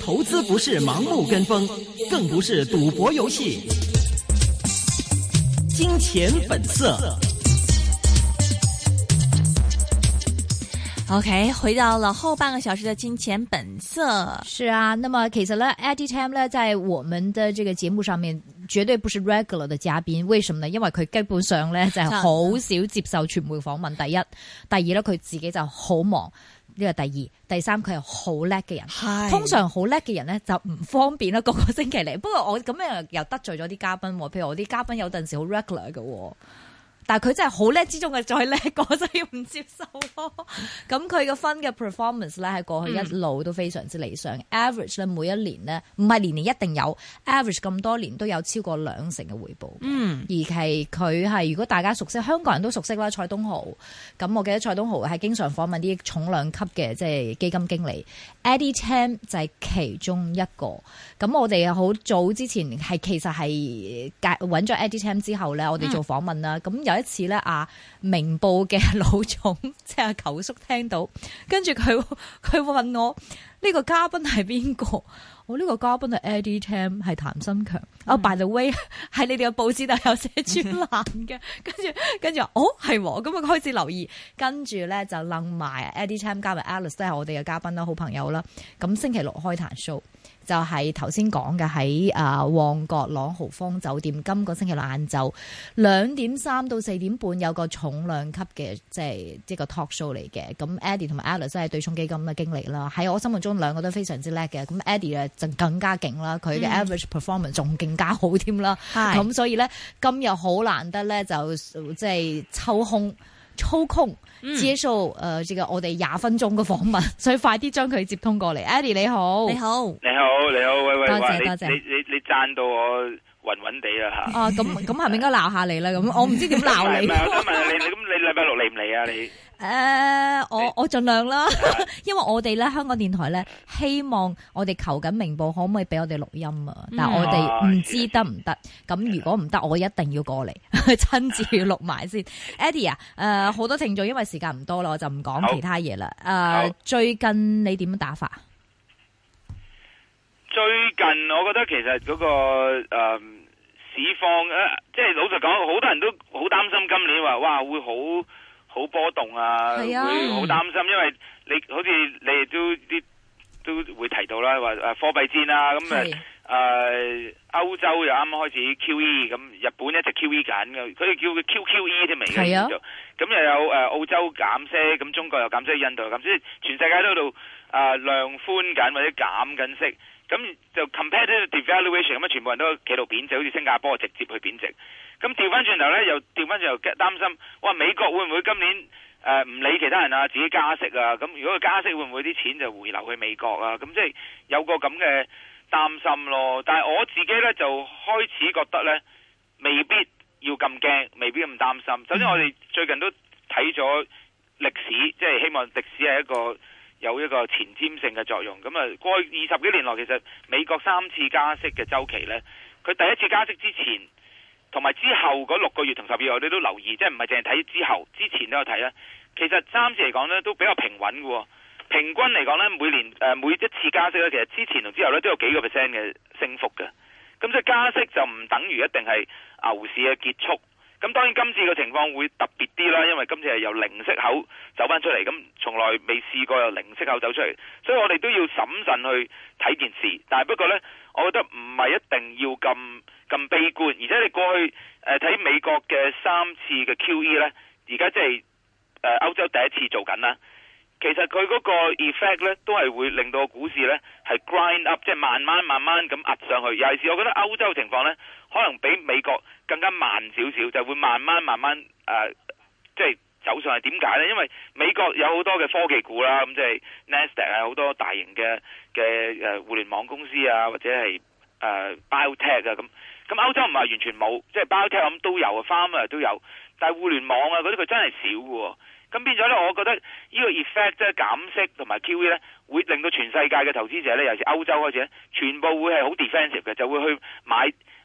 投資不是盲目跟風，更不是賭博遊戲。金錢本色。OK，回到了後半個小時的金錢本色。是啊，那麼其實呢，Edie Tam 呢，在我們的這個節目上面絕對不是 regular 的嘉賓。為什麼呢？因為佢基本上呢就係好少接受傳媒訪問。第一，第二呢佢自己就好忙。呢個第二、第三，佢係好叻嘅人。係。通常好叻嘅人咧，就唔方便啦。個個星期嚟。不過我咁樣又得罪咗啲嘉賓喎。譬如我啲嘉賓有陣時好 regular 嘅喎。但佢真係好叻之中嘅再叻個，真係要唔接受咯。咁佢嘅分嘅 performance 咧，喺過去一路都非常之理想。嗯、average 咧每一年咧，唔係年年一定有 average 咁多年都有超過兩成嘅回報，嗯，而係佢係如果大家熟悉香港人都熟悉啦，蔡東豪。咁我記得蔡東豪係經常訪問啲重量級嘅即係基金經理，Eddie Tam 就係其中一個，咁我哋好早之前係其實係揀揾咗 Eddie Tam 之後咧，我哋做訪問啦。咁、嗯、有。一次咧啊，明報嘅老總即係舅、啊、叔聽到，跟住佢佢問我呢、這個嘉賓係邊個？我、哦、呢、這個嘉賓係 Eddie Tam 係譚新強。哦 by the way，喺你哋嘅報紙度有寫專欄嘅，跟住跟住話哦係，我咁啊開始留意，跟住咧就楞埋 Eddie Tam 加埋 Alice，都係我哋嘅嘉賓啦，好朋友啦。咁星期六開談 show。就係頭先講嘅喺啊旺角朗豪坊酒店，今個星期六晏晝兩點三到四點半有個重量級嘅即係即個 talk show 嚟嘅。咁 Eddie 同埋 Alice 真係對沖基金嘅經歷啦，喺我心目中兩個都非常之叻嘅。咁 Eddie 咧就更加勁啦，佢嘅 average performance 仲更加好添啦。咁、嗯、所以咧今日好難得咧就即係、就是、抽空。操控接受誒，呢個我哋廿分鐘嘅訪問，所以快啲將佢接通過嚟。Ady 你好，你好，你好，你好，喂喂喂，多謝多謝，你你你讚到我暈暈地啦吓。啊，咁咁係咪應該鬧下你啦？咁我唔知點鬧你。唔係，我想問你，咁你禮拜六嚟唔嚟啊？你誒、uh，我我盡量啦， 因為我哋咧香港電台咧希望我哋求緊明報可唔可以俾我哋錄音啊？嗯、但係我哋唔知得唔得？咁、嗯、如果唔得，嗯、我一定要過嚟親、嗯、自錄埋先。 Eddie 啊，誒、呃，好多聽眾因為時間唔多啦，我就唔講其他嘢啦。誒，最近你點打法？最近我覺得其實嗰、那個誒市況誒，即係老實講，好多人都好擔心今年話哇會好。好波動啊！啊會好擔心，因為你好似你哋都啲都會提到啦，話誒貨幣戰啦、啊，咁誒誒歐洲又啱啱開始 QE，咁日本一直 QE 緊嘅，佢哋叫佢 QQE 添嚟嘅，咁又有誒澳洲減息，咁中國又減息，印度又減息，全世界都喺度誒量寬緊或者減緊息。咁就 competitive devaluation，咁全部人都企到貶值，好似新加坡直接去貶值。咁調翻轉頭咧，又調翻轉頭又擔心，哇！美國會唔會今年誒唔、呃、理其他人啊，自己加息啊？咁如果佢加息，會唔會啲錢就回流去美國啊？咁即係有個咁嘅擔心咯。但係我自己咧就開始覺得咧，未必要咁驚，未必咁擔心。首先我哋最近都睇咗歷史，即、就、係、是、希望歷史係一個。有一個前瞻性嘅作用，咁啊，過去二十幾年內，其實美國三次加息嘅周期呢，佢第一次加息之前同埋之後嗰六個月同十二個月，你都留意，即係唔係淨係睇之後，之前都有睇啦。其實三次嚟講呢，都比較平穩嘅，平均嚟講呢，每年誒、呃、每一次加息呢，其實之前同之後呢，都有幾個 percent 嘅升幅嘅。咁所以加息就唔等於一定係牛市嘅結束。咁當然今次嘅情況會特別啲啦，因為今次係由零息口走翻出嚟，咁從來未試過由零息口走出嚟，所以我哋都要審慎去睇件事。但係不過呢，我覺得唔係一定要咁咁悲觀，而且你過去、呃、睇美國嘅三次嘅 QE 呢，而家即係歐洲第一次做緊啦。其實佢嗰個 effect 呢，都係會令到股市呢，係 grind up，即係慢慢慢慢咁壓上去。尤其是我覺得歐洲嘅情況呢，可能比美國更加慢少少，就會慢慢慢慢誒，即、呃、係、就是、走上去。點解呢？因為美國有好多嘅科技股啦，咁即係 Nasdaq 啊，好多大型嘅嘅互聯網公司啊，或者係 Biotech 啊，咁、呃、咁歐洲唔係完全冇，即、就、係、是、Biotech 咁都有，farm 啊都有。但係互聯網啊嗰啲佢真係少嘅。咁變咗呢，我覺得呢個 effect 即係減息同埋 QE 呢，會令到全世界嘅投資者呢，尤其是歐洲開始全部會係好 defensive 嘅，就會去買。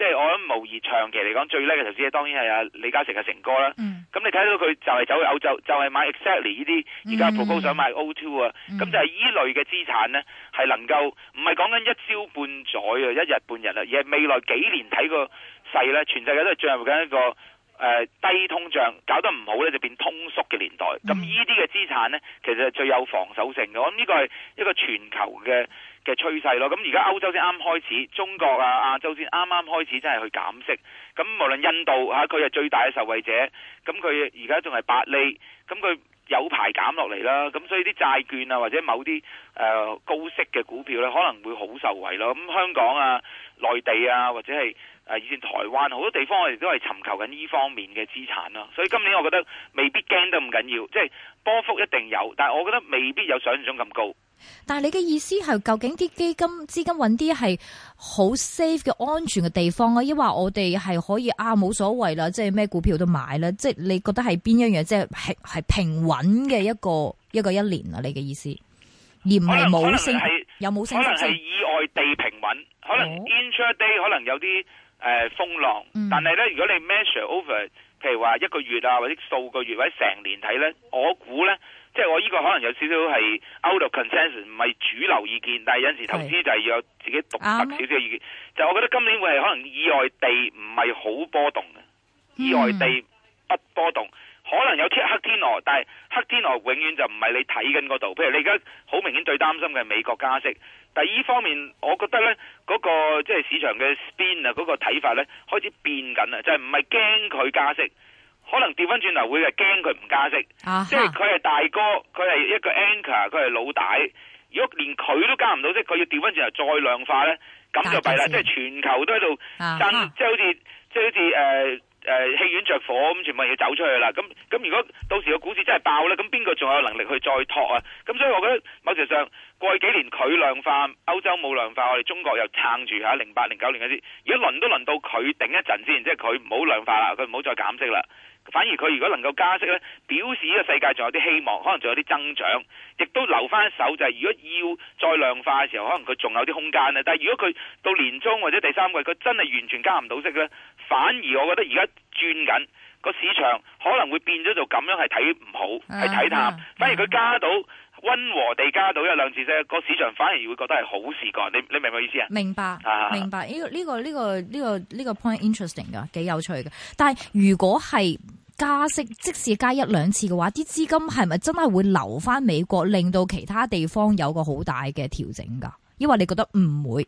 即係我諗，無疑長期嚟講最叻嘅頭先嘅當然係阿李嘉誠嘅成哥啦。咁、嗯、你睇到佢就係走去歐洲，就係、是、買 exactly 呢啲，而家 proposal 想買 O2 啊、嗯，咁、嗯、就係依類嘅資產呢，係能夠唔係講緊一朝半載啊，一日半日啊。而係未來幾年睇個勢呢，全世界都係進入緊一個。誒低通脹搞得唔好呢，就變通縮嘅年代。咁呢啲嘅資產呢，其實係最有防守性嘅。我諗呢個係一個全球嘅嘅趨勢咯。咁而家歐洲先啱開始，中國啊亞洲先啱啱開始，真係去減息。咁無論印度嚇，佢係最大嘅受惠者。咁佢而家仲係八釐，咁佢有排減落嚟啦。咁所以啲債券啊，或者某啲誒、呃、高息嘅股票呢，可能會好受惠咯。咁香港啊，內地啊，或者係。誒以前台灣好多地方我哋都係尋求緊呢方面嘅資產咯，所以今年我覺得未必驚得咁緊要，即係波幅一定有，但係我覺得未必有想像中咁高。但係你嘅意思係究竟啲基金資金揾啲係好 safe 嘅安全嘅地方咧，抑或我哋係可以啊冇所謂啦，即係咩股票都買咧？即係你覺得係邊一樣即係係平穩嘅一個一個一年啊？你嘅意思而唔係冇升，係有冇升？可能係意外地平穩，可能 intraday 可能有啲。誒風浪，但係咧，如果你 measure over，譬如話一個月啊，或者數個月或者成年睇咧，我估咧，即係我呢個可能有少少係 out of consensus，唔係主流意見，但係有陣時投資就係要有自己獨特少少嘅意見。是就我覺得今年會係可能意外地唔係好波動嘅，嗯、意外地不波動。可能有啲黑天鵝，但係黑天鵝永遠就唔係你睇緊嗰度。譬如你而家好明顯最擔心嘅美國加息，但係呢方面我覺得呢嗰個即係市場嘅 spin 啊，嗰個睇法呢開始變緊啦，就係唔係驚佢加息，可能掉返轉頭會係驚佢唔加息。Uh huh. 即係佢係大哥，佢係一個 anchor，佢係老大。如果連佢都加唔到，即係佢要掉返轉頭再量化呢，咁就弊啦。Uh huh. 即係全球都喺度爭，即係好似即係好似誒。呃誒戲院着火咁，全部要走出去啦。咁咁，如果到時個股市真係爆呢，咁邊個仲有能力去再托啊？咁所以，我覺得某程上過去幾年佢量化，歐洲冇量化，我哋中國又撐住下零八、零九年嗰啲，如果輪都輪到佢頂一陣先，即係佢唔好量化啦，佢唔好再減息啦。反而佢如果能夠加息呢，表示呢個世界仲有啲希望，可能仲有啲增長，亦都留翻一手就係、是、如果要再量化嘅時候，可能佢仲有啲空間呢。但係如果佢到年中或者第三季，佢真係完全加唔到息呢。反而，我覺得而家轉緊個市場可能會變咗做咁樣，係睇唔好，係睇、啊、淡。反而佢加到溫、嗯、和地加到一兩次啫，個市場反而會覺得係好事㗎。你你明唔明我意思啊？明白，啊、明白。呢、呢個呢、呢個呢、呢個呢個呢個 point interesting 㗎，幾有趣嘅。但係如果係加息，即使加一兩次嘅話，啲資金係咪真係會留翻美國，令到其他地方有個好大嘅調整㗎？抑或你覺得唔會？誒、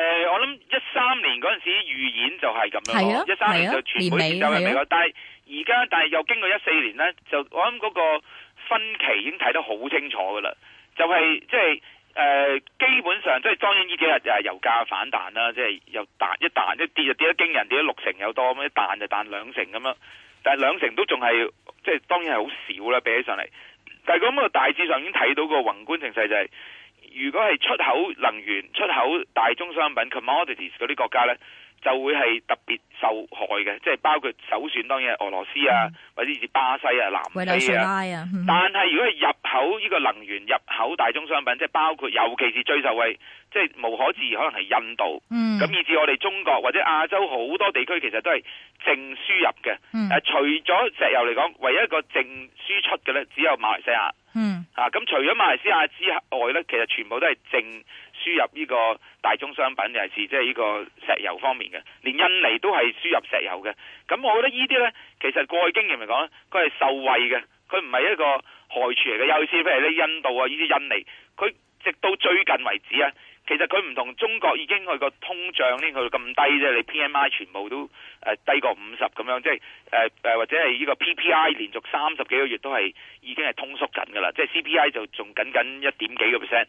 欸，我。一三年嗰陣時預演就係咁樣咯，一三年就全盤變奏係咪咯？但係而家，但係又經過一四年咧，就我諗嗰個分歧已經睇得好清楚噶啦，就係即係誒基本上，即係當然呢幾日就係油價反彈啦，即係又彈一彈，即跌就跌得驚人，跌咗六成有多，咁一彈就彈兩成咁樣，但係兩成都仲係即係當然係好少啦，比起上嚟。但係咁個大致上已經睇到個宏觀情勢就係。如果係出口能源、出口大宗商品 （commodities） 嗰啲國家呢，就會係特別受害嘅，即係包括首選當然係俄羅斯啊，嗯、或者係巴西啊、南非啊。啊嗯、但係如果係入口呢個能源、入口大宗商品，即係包括尤其是最受惠，即、就、係、是、無可置疑，可能係印度。咁、嗯、以至我哋中國或者亞洲好多地區其實都係淨輸入嘅。嗯、除咗石油嚟講，唯一一個淨輸出嘅呢，只有馬來西亞。咁、啊、除咗馬來西亞之外呢，其實全部都係淨輸入呢個大宗商品，尤其就是即係呢個石油方面嘅，連印尼都係輸入石油嘅。咁我覺得呢啲呢，其實過去經驗嚟講呢，佢係受惠嘅，佢唔係一個害處嚟嘅。尤其是譬如你印度啊，呢啲印尼，佢直到最近為止啊。其實佢唔同中國已經佢個通脹去到咁低啫，你 P M I 全部都、呃、低過五十咁樣，即係誒、呃、或者係呢個 P P I 連續三十幾個月都係已經係通縮緊㗎啦，即係 C P I 就仲僅僅一點幾個 percent。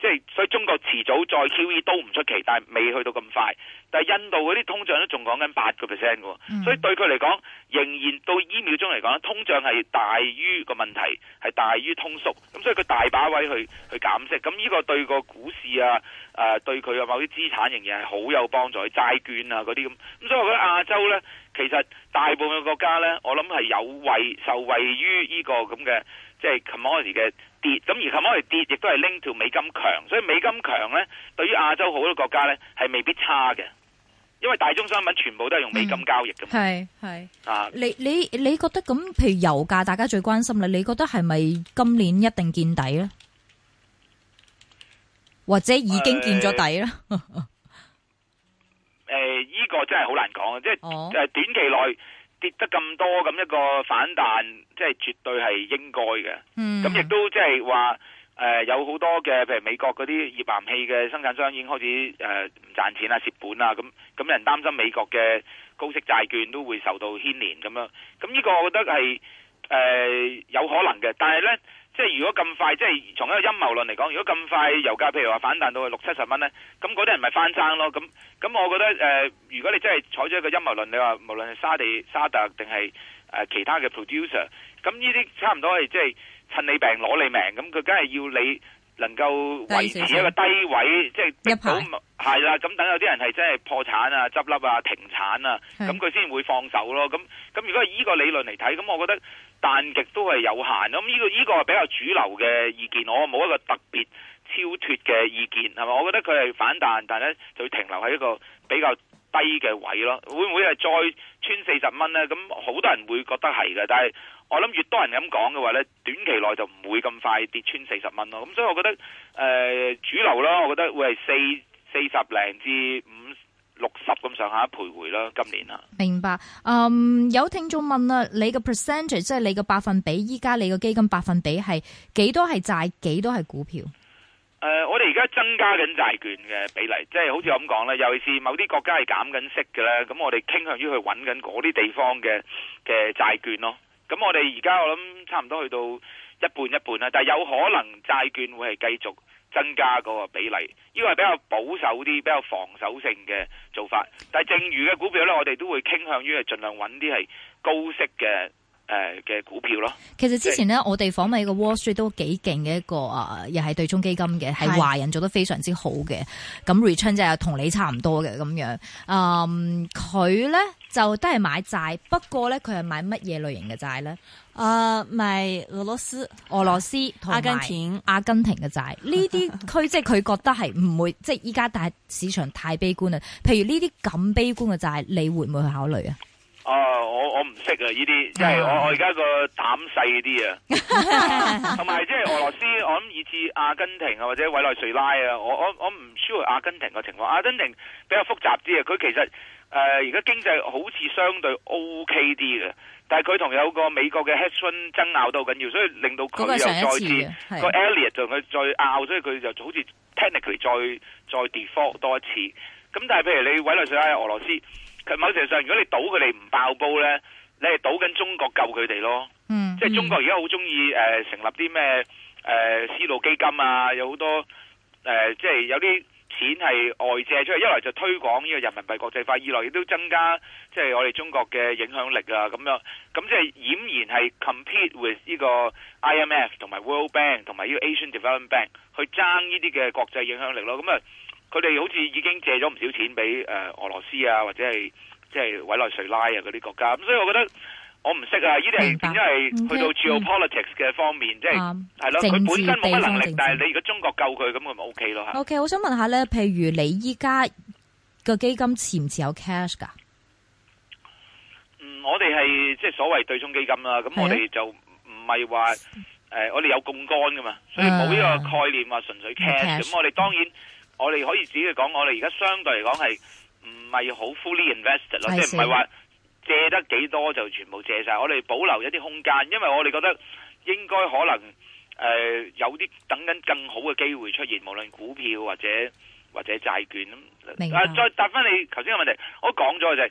即係所以中國遲早再 QE 都唔出奇，但係未去到咁快。但係印度嗰啲通脹都仲講緊八個 percent 嘅，所以對佢嚟講，仍然到呢秒鐘嚟講，通脹係大於個問題，係大於通縮。咁所以佢大把位去去減息。咁呢個對個股市啊，誒、啊、對佢啊某啲資產仍然係好有幫助，債券啊嗰啲咁。咁所以我覺得亞洲咧，其實大部分國家咧，我諗係有位受惠於呢個咁嘅。即係 commodity 嘅跌，咁而 commodity 跌，亦都係 link 到美金強，所以美金強咧，對於亞洲好多國家咧，係未必差嘅，因為大宗商品全部都係用美金交易嘅。係係、嗯、啊，你你你覺得咁？譬如油價，大家最關心啦。你覺得係咪今年一定見底咧？或者已經見咗底咧？誒，依個真係好難講啊！即係誒，短期內。哦跌得咁多，咁一個反彈，即係絕對係應該嘅。咁亦都即係話，誒、hmm. 呃、有好多嘅，譬如美國嗰啲頁岩氣嘅生產商已經開始誒唔賺錢啦、蝕本啦，咁咁人擔心美國嘅高息債券都會受到牽連咁樣。咁呢個我覺得係誒、呃、有可能嘅，但係呢。即係如果咁快，即係從一個陰謀論嚟講，如果咁快油價譬如話反彈到去六七十蚊咧，咁嗰啲人咪翻生咯。咁咁，我覺得誒、呃，如果你真係採取一個陰謀論，你話無論係沙地、沙特定係、呃、其他嘅 producer，咁呢啲差唔多係即係趁你病攞你命。咁佢梗係要你能夠維持一個低位，即係逼到係排啦。咁等有啲人係真係破產啊、執笠啊、停產啊，咁佢先會放手咯。咁咁，如果係呢個理論嚟睇，咁我覺得。彈極都係有限，咁、這、呢個呢、呢個係比較主流嘅意見，我冇一個特別超脫嘅意見，係嘛？我覺得佢係反彈，但係咧就會停留喺一個比較低嘅位咯，會唔會係再穿四十蚊咧？咁好多人會覺得係嘅，但係我諗越多人咁講嘅話咧，短期內就唔會咁快跌穿四十蚊咯。咁所以我覺得誒、呃、主流囉。我覺得會係四四十零至五。六十咁上下一徘徊啦，今年啊，明白，嗯、um，有聽眾問啊，你嘅 percentage 即係你嘅百分比，依家你嘅基金百分比係幾多是？係債，幾多係股票？誒，uh, 我哋而家增加緊債券嘅比例，即係好似咁講啦。尤其是某啲國家係減緊息嘅咧，咁我哋傾向於去揾緊嗰啲地方嘅嘅債券咯。咁我哋而家我諗差唔多去到一半一半啦，但係有可能債券會係繼續。增加個比例，呢個係比較保守啲、比較防守性嘅做法。但係剩餘嘅股票呢，我哋都會傾向於係盡量揾啲係高息嘅。誒嘅股票咯，其實之前咧，我哋訪問一個 Wall Street 都幾勁嘅一個啊，又係對沖基金嘅，係華是人做得非常之好嘅。咁 return 就係同你差唔多嘅咁樣。嗯，佢咧就都係買債，不過咧佢係買乜嘢類型嘅債咧？誒、呃，咪俄羅斯、俄羅斯、阿根廷、阿根廷嘅債呢啲區，即係佢覺得係唔會，即係依家大市場太悲觀啦。譬如呢啲咁悲觀嘅債，你會唔會去考慮啊？哦，我我唔識啊！呢啲即係我我而家個膽細啲啊，同埋即係俄羅斯，我諗以至阿根廷啊，或者委內瑞拉啊，我我我唔 sure 阿根廷嘅情況。阿根廷比較複雜啲啊，佢其實誒而家經濟好似相對 OK 啲嘅，但係佢同有個美國嘅 Hudson 爭拗都好緊要，所以令到佢又再個次個 Elliott 就佢再拗，所以佢就好似 technically 再再 default 多一次。咁但係譬如你委內瑞拉、俄羅斯。佢某程度上，如果你賭佢哋唔爆煲呢，你係賭緊中國救佢哋咯，嗯。嗯，即係中國而家好中意誒成立啲咩誒絲路基金啊，有好多誒，即、呃、係、即係、有啲錢係外借出嚟，一來就推廣呢個人民幣國際化，二來亦都增加即係、即係、我哋中國嘅影響力啊。咁樣咁即係儼然係 compete with 呢個 IMF 同埋 World Bank 同埋呢個 Asian Development Bank 去爭呢啲嘅國際影響力咯。咁啊～佢哋好似已經借咗唔少錢俾誒俄羅斯啊，或者係即係委內瑞拉啊嗰啲國家，咁所以我覺得我唔識啊，呢啲係因為去到 geopolitics 嘅方面，即係係咯，佢本身冇乜能力，但係你如果中國救佢，咁佢咪 OK 咯？OK，我想問下咧，譬如你依家個基金持唔持有 cash 噶？嗯，我哋係即係所謂對沖基金啦，咁我哋就唔係話誒我哋有槓杆噶嘛，所以冇呢個概念話純粹 cash，咁我哋當然。我哋可以自己講，我哋而家相對嚟講係唔係好 fully invested 咯，的即係唔係話借得幾多就全部借晒。我哋保留一啲空間，因為我哋覺得應該可能誒、呃、有啲等緊更好嘅機會出現，無論股票或者或者債券，明白、啊、再答翻你頭先嘅問題，我講咗就係、是、誒、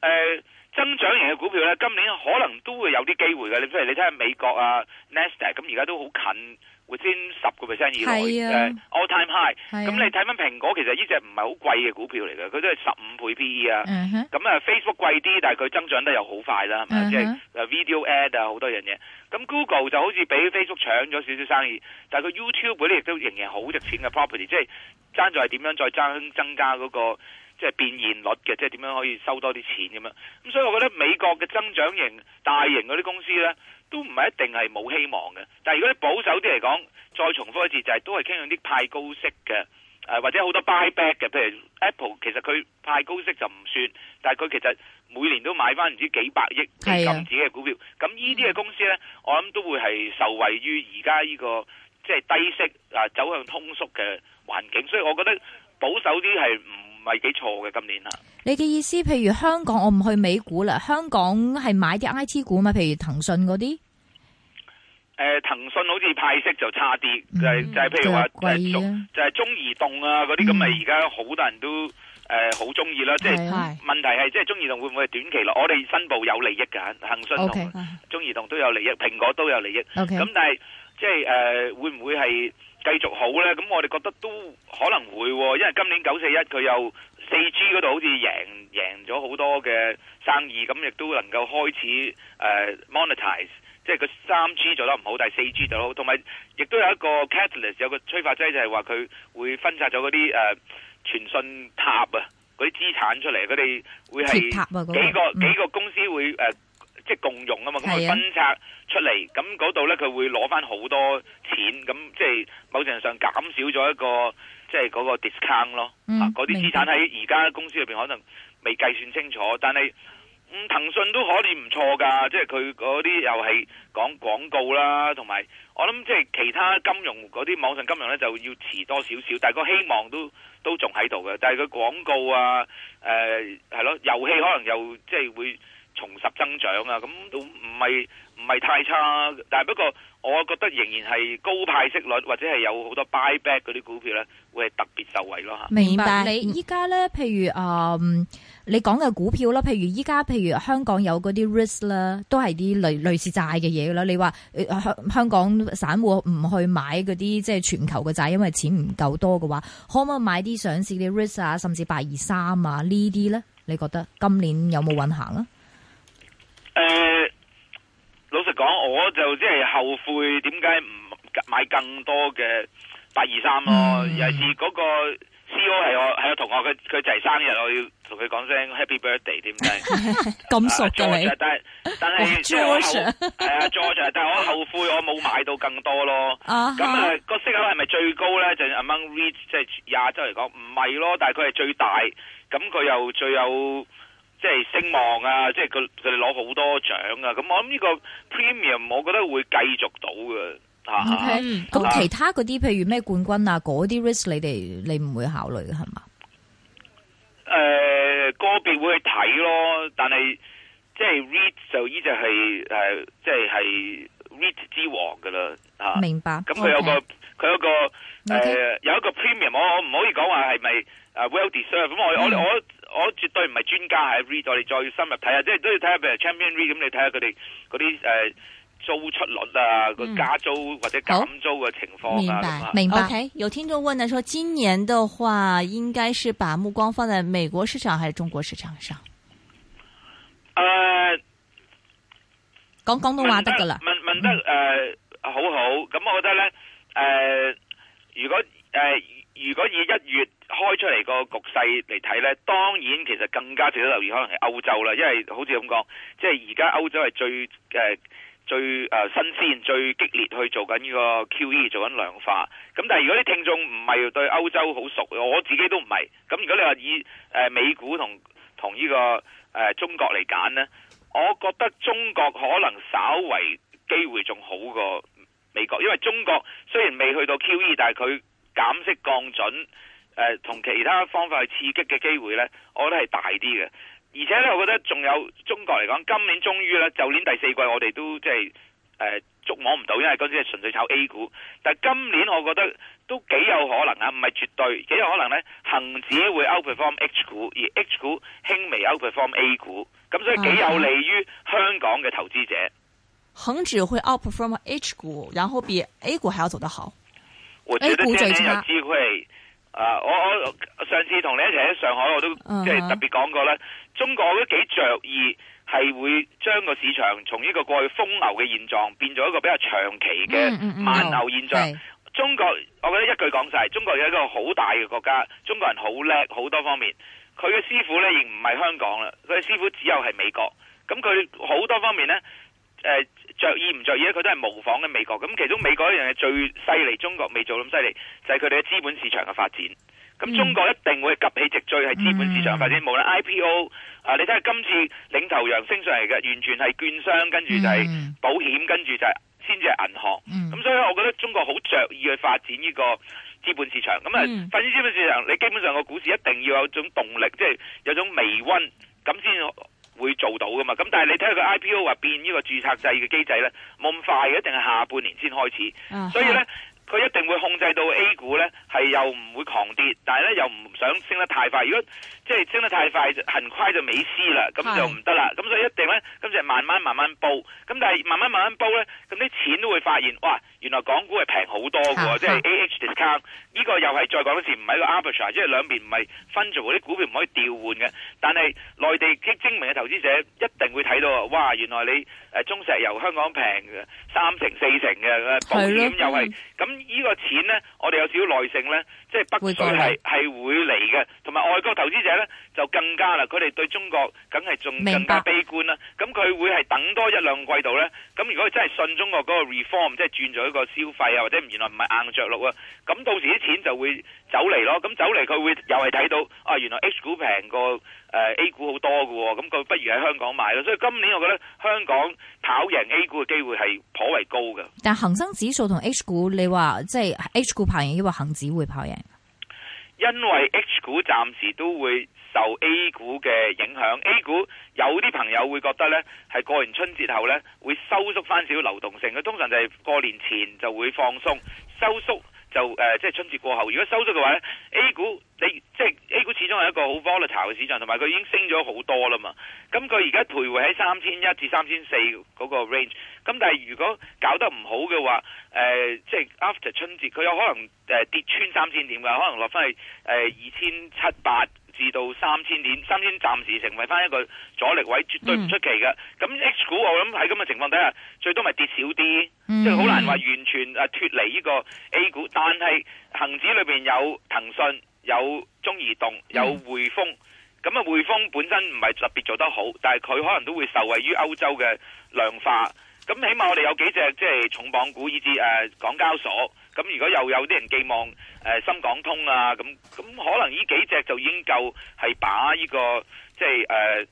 呃、增長型嘅股票咧，今年可能都會有啲機會嘅。你譬如你睇下美國啊 Nasdaq 咁而家都好近。會先十個 percent 以內、啊 uh,，all time high、啊。咁你睇翻蘋果，其實呢隻唔係好貴嘅股票嚟嘅，佢都係十五倍 PE 啊。咁啊、嗯、哼，Facebook 貴啲，但係佢增長得又好快啦、啊，即係、嗯、哼 video ad 啊，好多樣嘢。咁 Google 就好似俾 Facebook 搶咗少少生意，但係佢 YouTube 呢亦都仍然好值錢嘅 property，即係爭在點樣再增，增加嗰、那個。即係變現率嘅，即係點樣可以收多啲錢咁樣。咁所以我覺得美國嘅增長型大型嗰啲公司呢，都唔係一定係冇希望嘅。但係如果你保守啲嚟講，再重複一次就係、是、都係傾向啲派高息嘅，誒或者好多 buy back 嘅。譬如 Apple 其實佢派高息就唔算，但係佢其實每年都買翻唔知幾百億金子嘅股票。咁呢啲嘅公司呢，我諗都會係受惠於而家呢個即係、就是、低息啊走向通縮嘅環境。所以我覺得保守啲係唔唔係幾錯嘅今年嚇。你嘅意思，譬如香港我唔去美股啦，香港係買啲 I T 股嘛，譬如騰訊嗰啲。誒、呃，騰訊好似派息就差啲、嗯就係，就係、係、譬如話，就係中移動啊嗰啲咁，咪而家好多人都誒好中意啦。即係是問題係，即係中移動會唔會短期內我哋新部署有利益㗎？騰訊同 okay, 中移動都有利益，蘋果都有利益。咁 Okay. 但係即係誒、呃，會唔會係？繼續好呢，咁我哋覺得都可能會，哦，因為今年九四一佢又四 G 嗰度好似贏贏咗好多嘅生意，咁亦都能夠開始、呃、monetize，即係佢三 G 做得唔好，但係四 G 就好，同埋亦都有一個 catalyst 有個催化劑，就係話佢會分拆咗嗰啲誒傳訊塔啊嗰啲資產出嚟，佢哋會係幾個幾個公司會誒。呃即係共用啊嘛，咁佢、啊、分拆出嚟，咁嗰度呢，佢會攞翻好多錢，咁即係某程度上減少咗一個即係嗰個 discount 咯。嗰啲、嗯啊、資產喺而家公司裏面可能未計算清楚，但係咁、嗯、騰訊都可以唔錯噶，即係佢嗰啲又係講廣告啦，同埋我諗即係其他金融嗰啲網上金融呢，就要遲多少少，但係個希望都都仲喺度嘅。但係佢廣告啊，誒係咯，遊戲可能又即係會。重拾增長啊，咁都唔係唔係太差，但係不過我覺得仍然係高派息率或者係有好多 buyback 嗰啲股票咧，會係特別受惠咯嚇。明白你依家咧，譬如、嗯、你講嘅股票啦，譬如依家譬如香港有嗰啲 risk 啦，都係啲類類似債嘅嘢噶啦。你話香港散戶唔去買嗰啲即係全球嘅債，因為錢唔夠多嘅話，可唔可以買啲上市嘅 risk 啊，甚至八二三啊呢啲咧？你覺得今年有冇運行啊？誒、呃，老實講，我就即係後悔，點解唔買更多嘅八二三咯？嗯、尤其是嗰個 CEO 係我係我同學，佢佢就係生日，我要同佢講聲 Happy Birthday 點解？咁 熟嘅你，啊、George, 但係但係我係後，係 啊 George 但係我後悔，我冇買到更多咯。咁啊、uh，huh. 嗯那個息口係咪最高咧？就是、Among REITs 即係亞洲嚟講唔係咯，但係佢係最大，咁佢又最有。即係聲望啊！即係佢佢哋攞好多獎啊！咁我諗呢個 premium，我覺得會繼續到嘅吓。咁、啊 Okay. 啊、其他嗰啲，譬如咩冠軍啊，嗰啲 risk 你哋你唔會考慮嘅係嘛？誒，個、呃、別會去睇咯，但係即係 r a c h 就呢隻係誒，即係 r a c h 之王噶啦、啊、明白。咁佢、啊、有個佢 Okay. 有個誒、呃、Okay. 有一個 premium，我我唔可以講話係咪誒 well deserved 咁我我我。我我絕對唔係專家，係 read 我哋再深入睇下，即係都要睇下譬如 Champion Read 咁，你睇下佢哋嗰啲誒租出率啊，個、嗯、加租或者減租嘅情況，明、啊、白，明白。有聽眾問咧，說今年嘅話，應該是把目光放在美國市場還是中國市場上？誒、呃，講廣東話得噶啦。問問得誒好、呃嗯、好，咁我覺得咧誒、呃，如果誒。呃如果以一月開出嚟個局勢嚟睇呢，當然其實更加值得留意，可能係歐洲啦。因為好似咁講，即係而家歐洲係最最新鮮、最激烈去做緊呢個 QE，做緊量化。咁但係如果啲聽眾唔係對歐洲好熟，我自己都唔係。咁如果你話以美股同同呢個中國嚟揀呢，我覺得中國可能稍為機會仲好過美國，因為中國雖然未去到 QE，但係佢。減息降準，誒、呃、同其他方法去刺激嘅機會咧，我覺得係大啲嘅。而且咧，我覺得仲有中國嚟講，今年終於咧，舊年第四季我哋都即係誒捉摸唔到，因為嗰時係純粹炒 A 股。但係今年我覺得都幾有可能啊，唔係絕對，幾有可能咧，恒指會 outperform H 股，而 H 股輕微 outperform A 股，咁所以幾有利於香港嘅投資者。恒、啊、指會 outperform H 股，然後比 A 股還要走得好。我覺得真真又知佢係啊！Uh, 我我上次同你一齊喺上海，我都即係特別講過啦。Uh huh. 中國都幾着意係會將個市場從呢個過去瘋牛嘅現狀變做一個比較長期嘅慢牛現象。Uh huh. uh huh. 中國，我覺得一句講晒，中國有一個好大嘅國家，中國人好叻，好多方面。佢嘅師傅咧，亦唔係香港啦，佢師傅只有係美國。咁佢好多方面咧。誒、呃，着意唔着意咧？佢都係模仿嘅美國。咁其中美國一樣係最犀利，中國未做咁犀利，就係佢哋嘅資本市場嘅發展。咁中國一定會急起直追喺資本市場發展，嗯、無論 IPO、呃。啊，你睇下今次領頭羊升上嚟嘅，完全係券商，跟住就係保險，跟住就係先至係銀行。咁、嗯、所以我覺得中國好着意去發展呢個資本市場。咁啊，發展資本市場，嗯、你基本上個股市一定要有種動力，即、就、係、是、有種微溫，咁先至。會做到噶嘛？咁但係你睇下佢 IPO 話變呢個註冊制嘅機制呢，冇咁快嘅，一定係下半年先開始。嗯、所以呢，佢是的 一定會控制到 A 股呢係又唔會狂跌，但係呢又唔想升得太快。如果即係、就是、升得太快，就就行快就美思啦，咁就唔得啦。咁所以一定呢，今次係慢慢慢慢煲。咁但係慢慢慢慢煲呢，咁啲錢都會發現，哇！原來港股係平好多嘅，即係 A H discount，呢個又係再講一次，唔係一個 arbitrage，即係兩邊唔係分組的，啲股票唔可以調換嘅。但係內地極精明嘅投資者一定會睇到，啊。哇！原來你。中石油香港平嘅三成四成嘅，保險又係咁，呢個錢呢，我哋有少少耐性呢，即係北水係係會嚟嘅，同埋外國投資者呢，就更加啦，佢哋對中國梗係仲更加悲觀啦。咁佢白會係等多一兩季度呢。咁如果真係信中國嗰個 reform，即係轉咗一個消費啊，或者原來唔係硬著陸啊，咁到時啲錢就會走嚟咯。咁走嚟佢會又係睇到啊，原來 H 股平過 A 股好多㗎喎，咁佢不如喺香港買咯。所以今年我覺得香港。跑贏 A 股嘅機會係頗為高嘅，但恒生指數同 H 股，你話即係 H 股跑贏，抑或恒指會跑贏？因為 H 股暫時都會受 A 股嘅影響，A 股有啲朋友會覺得呢係過完春節後呢會收縮翻少流動性，佢通常就係過年前就會放鬆收縮。就誒，即、呃、係、就是、春節過後，如果收咗嘅話咧，A 股你即係、就是、A 股始終係一個好 volatile 嘅市場，同埋佢已經升咗好多啦嘛。咁佢而家徘徊喺三千一至三千四嗰個 range。咁但係如果搞得唔好嘅話，誒即係 after 春節，佢有可能跌穿三千點嘅，可能落翻去誒二千七八。至到三千點，三千暫時成為翻一個阻力位，絕對唔出奇嘅。咁、嗯、H 股我諗喺咁嘅情況底下，最多咪跌少啲，即係好難話完全誒脱離呢個 A 股。但係恒指裏邊有騰訊、有中移動、有匯豐，咁啊匯豐本身唔係特別做得好，但係佢可能都會受惠於歐洲嘅量化。咁起碼我哋有幾隻即係重磅股，以至誒港交所。咁如果又有啲人寄望誒、呃、深港通啊，咁咁可能呢幾隻就已經夠係把呢、這個即係誒、呃、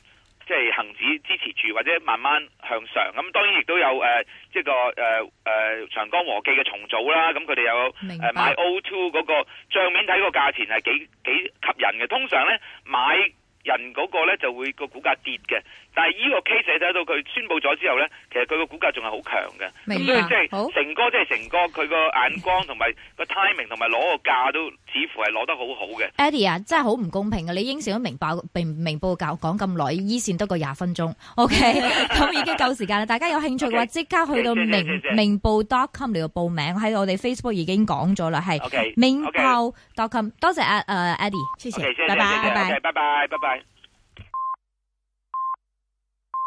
即係恆指支持住或者慢慢向上。咁當然亦都有誒即係個誒、呃呃、長江和記嘅重組啦。咁佢哋有誒白買 O2 嗰個帳面睇個價錢係幾幾吸引嘅。通常咧買人嗰個咧就會個股價跌嘅，但係依個 case 睇到佢宣佈咗之後咧，其實佢個股價仲係好強嘅。明白，好。咁啊，即係成哥，即係成哥，佢個眼光同埋個 timing 同埋攞個價都似乎係攞得好好嘅。Eddie 啊，真係好唔公平嘅，你應承咗明報明明報搞講咁耐，依線得個廿分鐘，OK，咁已經夠時間啦。大家有興趣嘅話，即刻去到明明報 dotcom 嚟度報名，喺我哋 Facebook 已經講咗啦，係。OK，明報 dotcom，多謝阿誒 Eddie，多謝，拜拜，拜拜，拜拜，拜拜。